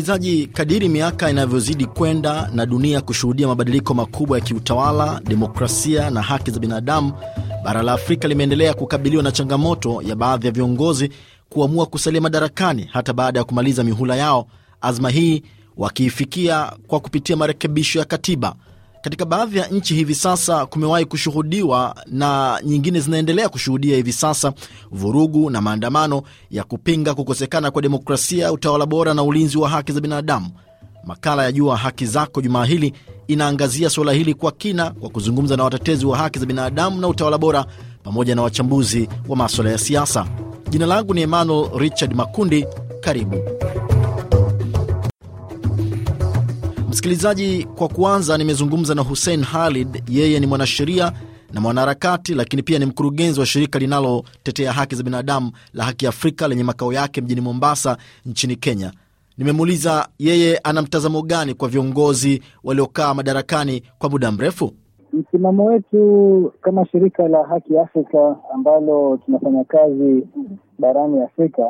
Msikilizaji, kadiri miaka inavyozidi kwenda na dunia kushuhudia mabadiliko makubwa ya kiutawala, demokrasia na haki za binadamu, bara la Afrika limeendelea kukabiliwa na changamoto ya baadhi ya viongozi kuamua kusalia madarakani hata baada ya kumaliza mihula yao, azma hii wakiifikia kwa kupitia marekebisho ya katiba katika baadhi ya nchi hivi sasa kumewahi kushuhudiwa na nyingine zinaendelea kushuhudia hivi sasa vurugu na maandamano ya kupinga kukosekana kwa demokrasia, utawala bora na ulinzi wa haki za binadamu. Makala ya Jua Haki Zako jumaa hili inaangazia suala hili kwa kina kwa kuzungumza na watetezi wa haki za binadamu na utawala bora pamoja na wachambuzi wa maswala ya siasa. Jina langu ni Emmanuel Richard Makundi. Karibu. Msikilizaji, kwa kuanza, nimezungumza na Hussein Khalid. Yeye ni mwanasheria na mwanaharakati, lakini pia ni mkurugenzi wa shirika linalotetea haki za binadamu la Haki Afrika lenye makao yake mjini Mombasa nchini Kenya. Nimemuuliza yeye ana mtazamo gani kwa viongozi waliokaa madarakani kwa muda mrefu. Msimamo wetu kama shirika la Haki Afrika ambalo tunafanya kazi barani Afrika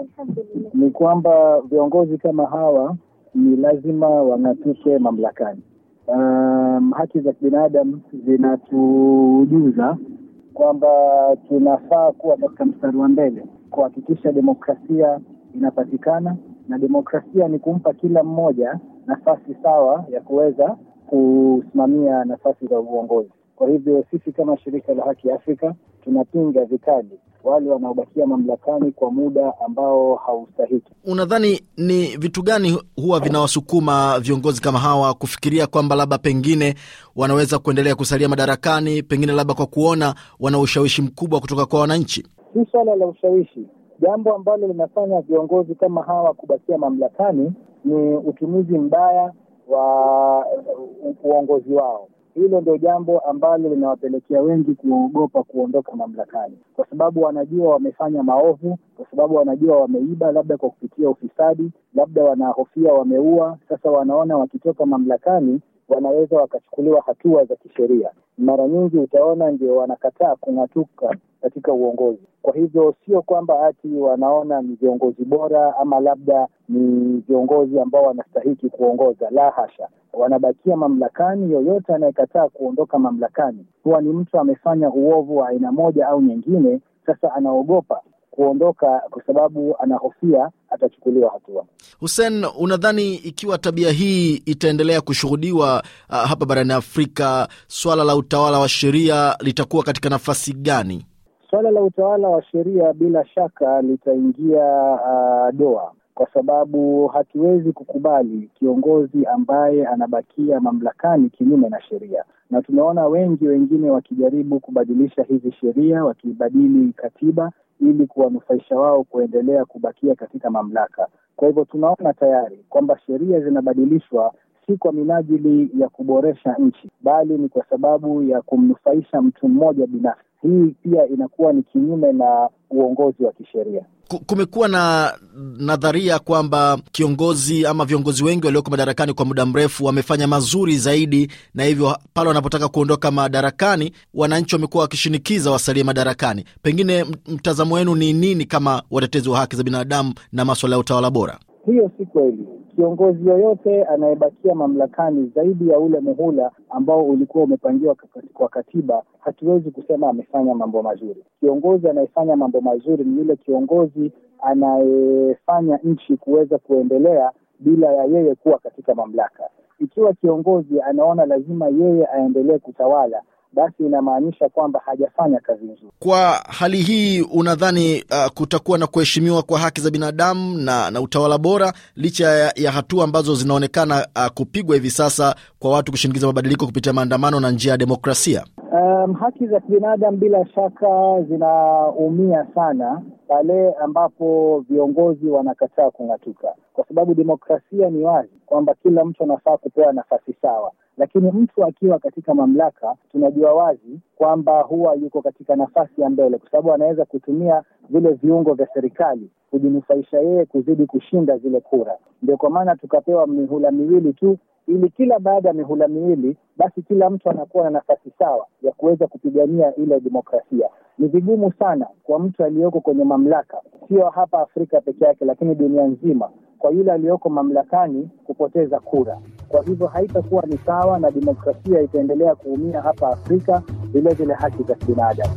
ni kwamba viongozi kama hawa ni lazima wang'atuke mamlakani. Um, haki za kibinadamu zinatujuza kwamba tunafaa kuwa katika mstari wa mbele kuhakikisha demokrasia inapatikana, na demokrasia ni kumpa kila mmoja nafasi sawa ya kuweza kusimamia nafasi za uongozi. Kwa hivyo sisi kama shirika la Haki Afrika tunapinga vikali wale wanaobakia mamlakani kwa muda ambao haustahiki. Unadhani ni vitu gani huwa vinawasukuma viongozi kama hawa kufikiria kwamba labda pengine wanaweza kuendelea kusalia madarakani, pengine labda kwa kuona wana ushawishi mkubwa kutoka kwa wananchi? Si swala la ushawishi. Jambo ambalo linafanya viongozi kama hawa kubakia mamlakani ni utumizi mbaya wa uh, uongozi wao. Hilo ndio jambo ambalo linawapelekea wengi kuogopa kuondoka mamlakani, kwa sababu wanajua wamefanya maovu, kwa sababu wanajua wameiba, labda kwa kupitia ufisadi, labda wanahofia wameua. Sasa wanaona wakitoka mamlakani wanaweza wakachukuliwa hatua za kisheria. Mara nyingi utaona ndio wanakataa kung'atuka katika uongozi. Kwa hivyo sio kwamba ati wanaona ni viongozi bora ama labda ni viongozi ambao wanastahiki kuongoza, la hasha wanabakia mamlakani. Yoyote anayekataa kuondoka mamlakani huwa ni mtu amefanya uovu wa aina moja au nyingine. Sasa anaogopa kuondoka kwa sababu anahofia atachukuliwa hatua. Hussein, unadhani ikiwa tabia hii itaendelea kushuhudiwa uh, hapa barani Afrika, swala la utawala wa sheria litakuwa katika nafasi gani? Swala la utawala wa sheria bila shaka litaingia uh, doa kwa sababu hatuwezi kukubali kiongozi ambaye anabakia mamlakani kinyume na sheria, na tumeona wengi wengine wakijaribu kubadilisha hizi sheria, wakibadili katiba ili kuwanufaisha wao kuendelea kubakia katika mamlaka. Kwa hivyo tunaona tayari kwamba sheria zinabadilishwa si kwa minajili ya kuboresha nchi, bali ni kwa sababu ya kumnufaisha mtu mmoja binafsi. Hii pia inakuwa ni kinyume na uongozi wa kisheria kumekuwa na nadharia kwamba kiongozi ama viongozi wengi walioko madarakani kwa muda mrefu wamefanya mazuri zaidi, na hivyo pale wanapotaka kuondoka madarakani, wananchi wamekuwa wakishinikiza wasalie madarakani. Pengine mtazamo wenu ni nini kama watetezi wa haki za binadamu na maswala ya utawala bora? Hiyo si kweli. Kiongozi yoyote anayebakia mamlakani zaidi ya ule muhula ambao ulikuwa umepangiwa kwa katiba, hatuwezi kusema amefanya mambo mazuri. Kiongozi anayefanya mambo mazuri ni yule kiongozi anayefanya nchi kuweza kuendelea bila ya yeye kuwa katika mamlaka. Ikiwa kiongozi anaona lazima yeye aendelee kutawala, basi inamaanisha kwamba hajafanya kazi nzuri. Kwa hali hii, unadhani uh, kutakuwa na kuheshimiwa kwa haki za binadamu na, na utawala bora licha ya, ya hatua ambazo zinaonekana uh, kupigwa hivi sasa kwa watu kushinikiza mabadiliko kupitia maandamano na njia ya demokrasia? Um, haki za kibinadamu bila shaka zinaumia sana pale ambapo viongozi wanakataa kung'atuka, kwa sababu demokrasia ni wazi kwamba kila mtu anafaa kupewa nafasi sawa, lakini mtu akiwa katika mamlaka, tunajua wazi kwamba huwa yuko katika nafasi ya mbele, kwa sababu anaweza kutumia vile viungo vya serikali kujinufaisha yeye kuzidi kushinda zile kura. Ndio kwa maana tukapewa mihula miwili tu, ili kila baada ya mihula miwili basi kila mtu anakuwa na nafasi sawa ya kuweza kupigania ile demokrasia. Ni vigumu sana kwa mtu aliyoko kwenye mamlaka, sio hapa Afrika peke yake, lakini dunia nzima kwa yule aliyoko mamlakani kupoteza kura. Kwa hivyo haitakuwa ni sawa, na demokrasia itaendelea kuumia hapa Afrika, vilevile haki za kibinadamu.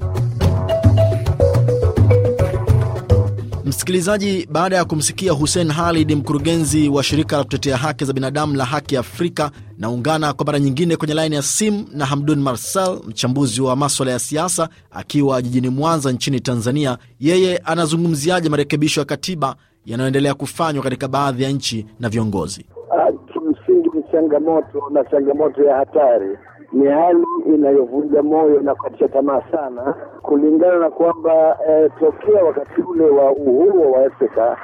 Msikilizaji, baada ya kumsikia Hussein Halid, mkurugenzi wa shirika la kutetea haki za binadamu la Haki Afrika, naungana kwa mara nyingine kwenye laini ya simu na Hamdun Marsal, mchambuzi wa maswala ya siasa akiwa jijini Mwanza nchini Tanzania. Yeye anazungumziaje marekebisho ya katiba yanayoendelea kufanywa katika baadhi ya nchi na viongozi. Ah, kimsingi ni changamoto na changamoto ya hatari, ni hali inayovunja moyo na kukatisha tamaa sana, kulingana na kwamba e, tokea wakati ule wa uhuru wa Afrika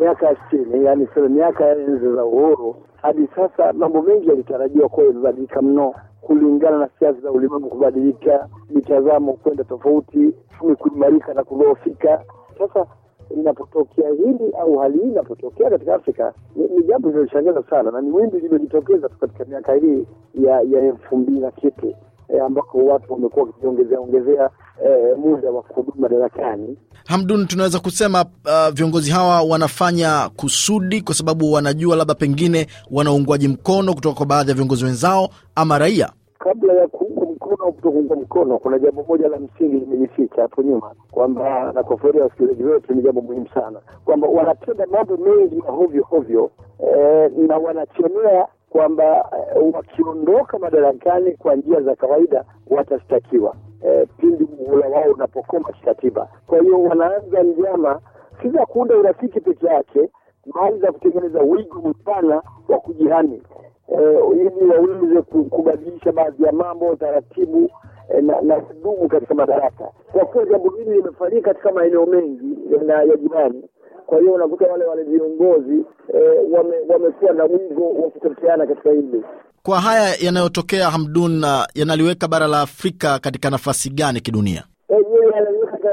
miaka ya sitini, yaani miaka ya enzi za uhuru hadi sasa, mambo mengi yalitarajiwa kuwa yamebadilika mno kulingana na siasa za ulimwengu kubadilika, mitazamo kwenda tofauti, uchumi kuimarika na kudhoofika. Sasa linapotokea hili au hali hii inapotokea katika Afrika ni jambo linaloshangaza sana, na ni wimbi limejitokeza tu katika miaka hii ya ya elfu mbili na kitu e, ambako watu wamekuwa wakijiongezea ongezea e, muda wa kuhudumu madarakani. Hamdun, tunaweza kusema uh, viongozi hawa wanafanya kusudi kwa sababu wanajua labda pengine wanaungwaji mkono kutoka kwa baadhi ya viongozi wenzao ama raia kabla ya ku au kutokuunga mkono, kuna jambo moja la msingi limejificha hapo nyuma, kwamba na kuwafuria wasikilizaji wetu ni jambo muhimu sana, kwamba wanatenda mambo mengi ya hovyo hovyo eh, na wanachemea kwamba eh, wakiondoka madarakani kwa njia za kawaida watashtakiwa eh, pindi muhula wao unapokoma kikatiba. Kwa hiyo wanaanza njama si za kuunda urafiki peke yake, bali za kutengeneza wigo mpana wa kujihani ili waweze kubadilisha baadhi ya mambo taratibu na kudumu katika madaraka. Kwa kuwa jambo hili limefanyika katika maeneo mengi ya jirani, kwa hiyo unakuta wale wale viongozi wamekuwa na wigo wa kutofautiana katika hili. Kwa haya yanayotokea, Hamdun, yanaliweka bara la Afrika katika nafasi gani kidunia?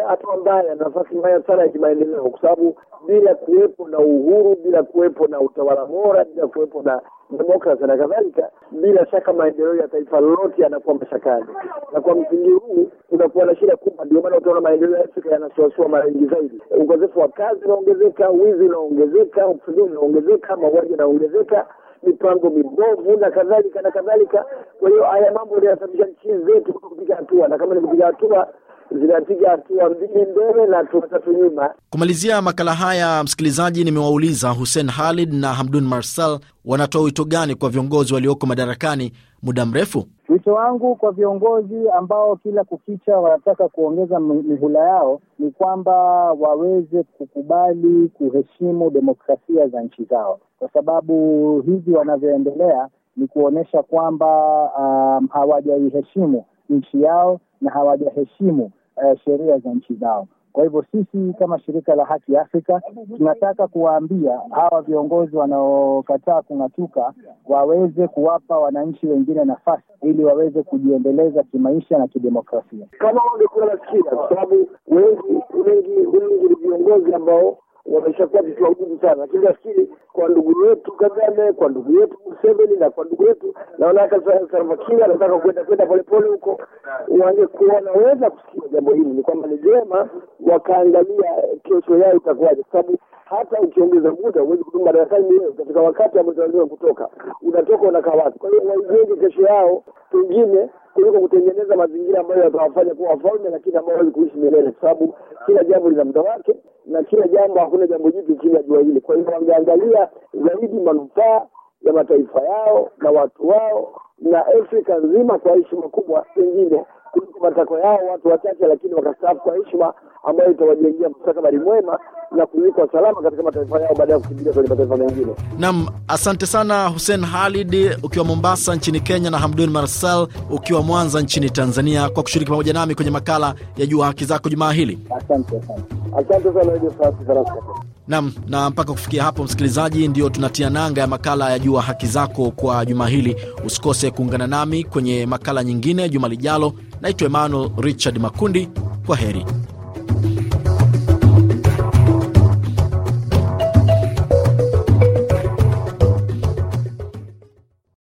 Hatua mbaya, nafasi mbaya sana ya kimaendeleo, kwa sababu bila kuwepo na uhuru, bila kuwepo na utawala bora, bila kuwepo na demokrasia na kadhalika, bila shaka maendeleo ya taifa lolote yanakuwa mashakani, na kwa msingi huu kunakuwa na shida kubwa. Ndio maana utaona maendeleo ya Afrika yanasuasua mara nyingi zaidi. Ukosefu wa kazi unaongezeka, wizi unaongezeka, ufisadi unaongezeka, mauaji yanaongezeka mipango mibovu na kadhalika na kadhalika. Kwa hiyo haya mambo yanasababisha nchi zetu kupiga hatua, na kama ni kupiga hatua zinapiga hatua mbili mbele na hatua tatu nyuma. Kumalizia makala haya, msikilizaji, nimewauliza Hussein Khalid na Hamdun Marsal wanatoa wito gani kwa viongozi walioko madarakani muda mrefu? Wito wangu kwa viongozi ambao kila kukicha wanataka kuongeza mihula yao ni kwamba waweze kukubali kuheshimu demokrasia za nchi zao, kwa sababu hivi wanavyoendelea ni kuonyesha kwamba um, hawajaiheshimu nchi yao na hawajaheshimu uh, sheria za nchi zao. Kwa hivyo sisi kama shirika la Haki Afrika tunataka kuwaambia hawa viongozi wanaokataa kung'atuka waweze kuwapa wananchi wengine nafasi ili waweze kujiendeleza kimaisha na kidemokrasia, kama wangekuwa nasikia, kwa sababu wengi wengi wengi ni viongozi ambao wameshakuwa vitu wagumu sana, lakini nafikiri kwa ndugu yetu Kagame, kwa ndugu yetu Museveni na kwa ndugu yetu naona hata Salva Kiir anataka kwenda kwenda polepole huko, wangekuwa wanaweza kusikia jambo hili, ni kwamba ni jema wakaangalia kesho yao itakuwaje, kwa sababu hata ukiongeza muda huwezi kudumu madarakani milele. Katika wakati ambao tunalazima kutoka, unatoka unakaa wapi? Kwa hiyo waijenge kesho yao pengine kuliko kutengeneza mazingira ambayo yatawafanya kuwa wafalme, lakini ambao hawezi kuishi milele, kwa sababu kila jambo lina muda wake na kila jambo, hakuna jambo jipi chini ya jua hili. Kwa hiyo wangeangalia zaidi manufaa ya mataifa yao na watu wao na Afrika nzima kwa heshima kubwa, pengine kuliko matakwa yao watu wachache, lakini wakastaafu kwa heshima ambayo itawajengia mustakabali mwema na kuliko salama katika mataifa yao baada ya kukimbilia kwenye mataifa mengine. Naam, asante sana Hussein halid ukiwa Mombasa nchini Kenya na Hamdun Marsal ukiwa Mwanza nchini Tanzania kwa kushiriki pamoja nami kwenye makala ya Jua Haki Zako jumaa hili. Asante sana, asante sana Nam na mpaka kufikia hapo, msikilizaji, ndio tunatia nanga ya makala ya Jua Haki Zako kwa juma hili. Usikose kuungana nami kwenye makala nyingine juma lijalo. Naitwa Emmanuel Richard Makundi, kwa heri.